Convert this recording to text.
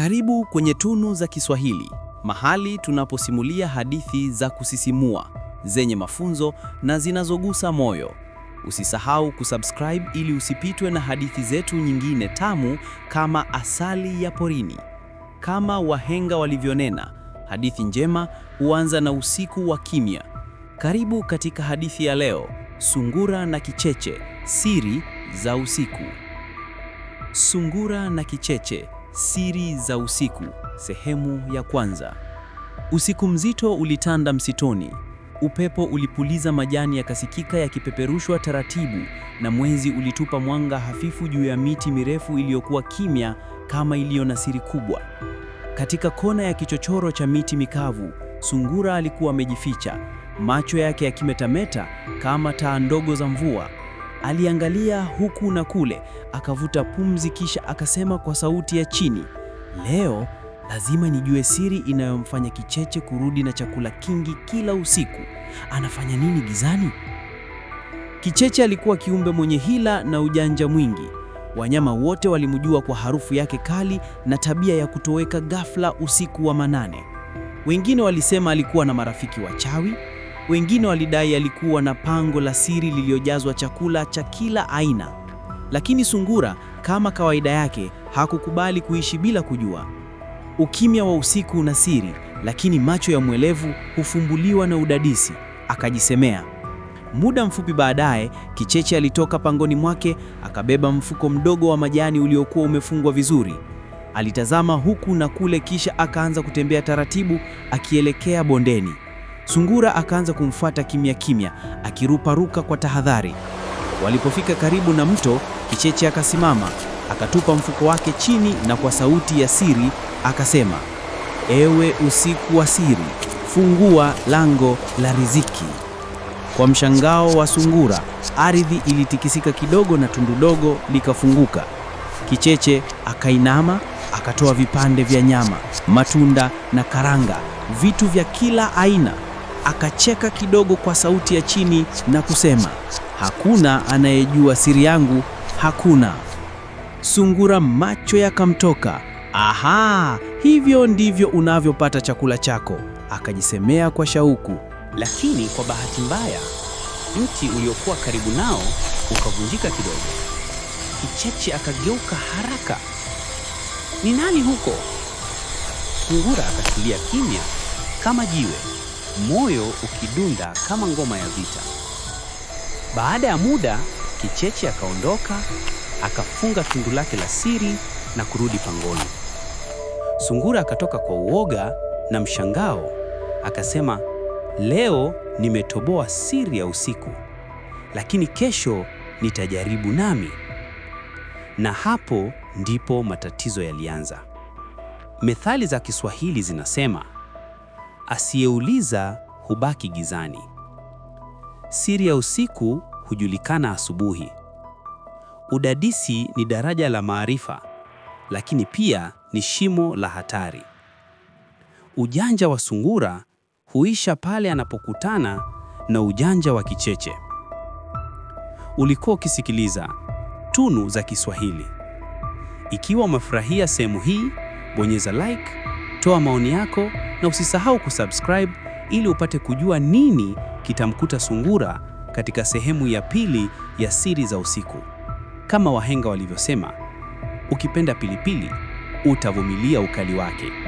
Karibu kwenye Tunu za Kiswahili, mahali tunaposimulia hadithi za kusisimua, zenye mafunzo na zinazogusa moyo. Usisahau kusubscribe ili usipitwe na hadithi zetu nyingine tamu kama Asali ya Porini. Kama wahenga walivyonena, hadithi njema huanza na usiku wa kimya. Karibu katika hadithi ya leo, Sungura na Kicheche, siri za usiku. Sungura na Kicheche Siri za usiku, sehemu ya kwanza. Usiku mzito ulitanda msitoni. Upepo ulipuliza majani yakasikika yakipeperushwa taratibu, na mwezi ulitupa mwanga hafifu juu ya miti mirefu iliyokuwa kimya kama iliyo na siri kubwa. Katika kona ya kichochoro cha miti mikavu, sungura alikuwa amejificha, macho yake yakimetameta kama taa ndogo za mvua. Aliangalia huku na kule, akavuta pumzi, kisha akasema kwa sauti ya chini, leo lazima nijue siri inayomfanya kicheche kurudi na chakula kingi kila usiku. Anafanya nini gizani? Kicheche alikuwa kiumbe mwenye hila na ujanja mwingi. Wanyama wote walimjua kwa harufu yake kali na tabia ya kutoweka ghafla usiku wa manane. Wengine walisema alikuwa na marafiki wachawi wengine walidai alikuwa na pango la siri lililojazwa chakula cha kila aina, lakini sungura kama kawaida yake hakukubali kuishi bila kujua. Ukimya wa usiku una siri, lakini macho ya mwelevu hufumbuliwa na udadisi, akajisemea. Muda mfupi baadaye, kicheche alitoka pangoni mwake, akabeba mfuko mdogo wa majani uliokuwa umefungwa vizuri. Alitazama huku na kule, kisha akaanza kutembea taratibu akielekea bondeni. Sungura akaanza kumfuata kimya kimya, akiruparuka kwa tahadhari. Walipofika karibu na mto, Kicheche akasimama, akatupa mfuko wake chini na kwa sauti ya siri akasema, ewe usiku wa siri, fungua lango la riziki. Kwa mshangao wa Sungura, ardhi ilitikisika kidogo na tundu dogo likafunguka. Kicheche akainama, akatoa vipande vya nyama, matunda na karanga, vitu vya kila aina akacheka kidogo kwa sauti ya chini na kusema, hakuna anayejua siri yangu, hakuna. Sungura macho yakamtoka. Aha, hivyo ndivyo unavyopata chakula chako, akajisemea kwa shauku. Lakini kwa bahati mbaya, mti uliokuwa karibu nao ukavunjika kidogo. Kicheche akageuka haraka, ni nani huko? Sungura akatulia kimya kama jiwe moyo ukidunda kama ngoma ya vita. Baada ya muda, Kicheche akaondoka akafunga tundu lake la siri na kurudi pangoni. Sungura akatoka kwa uoga na mshangao, akasema, leo nimetoboa siri ya usiku, lakini kesho nitajaribu nami. Na hapo ndipo matatizo yalianza. Methali za Kiswahili zinasema Asiyeuliza hubaki gizani. Siri ya usiku hujulikana asubuhi. Udadisi ni daraja la maarifa, lakini pia ni shimo la hatari. Ujanja wa sungura huisha pale anapokutana na ujanja wa kicheche. Ulikuwa ukisikiliza Tunu za Kiswahili. Ikiwa umefurahia sehemu hii, bonyeza like, toa maoni yako na usisahau kusubscribe ili upate kujua nini kitamkuta sungura katika sehemu ya pili ya siri za usiku. Kama wahenga walivyosema, ukipenda pilipili utavumilia ukali wake.